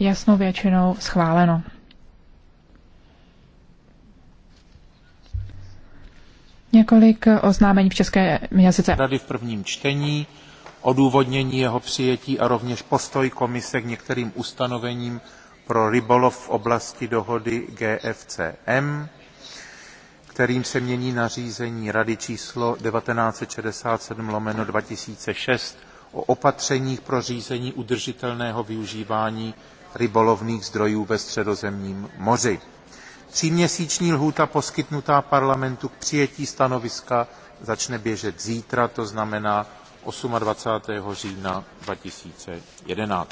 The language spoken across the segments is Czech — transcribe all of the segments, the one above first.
jasnou většinou schváleno. Několik oznámení v české jazyce. Rady v prvním čtení, odůvodnění jeho přijetí a rovněž postoj komise k některým ustanovením pro rybolov v oblasti dohody GFCM, kterým se mění nařízení Rady číslo 1967 lomeno 2006 o opatřeních pro řízení udržitelného využívání rybolovných zdrojů ve středozemním moři. tříměsíční lhůta poskytnutá parlamentu k přijetí stanoviska začne běžet zítra to znamená. twenty eight října. two thousand and eleven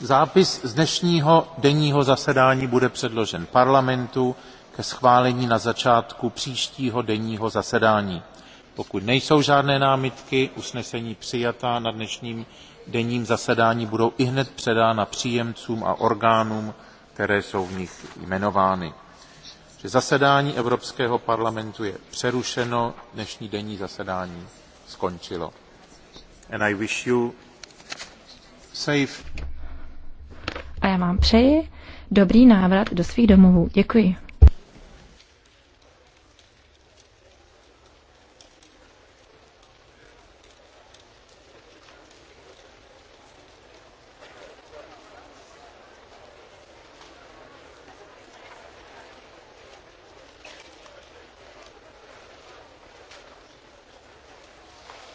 zápis z dnešního denního zasedání bude předložen parlamentu ke schválení na začátku příštího denního zasedání. Pokud nejsou žádné námitky, usnesení přijatá na dnešním denním zasedání budou ihned předána příjemcům a orgánům, které jsou v nich jmenovány. Zasedání Evropského parlamentu je přerušeno, dnešní denní zasedání skončilo. And I wish you safe. A já vám přeji dobrý návrat do svých domovů. Děkuji.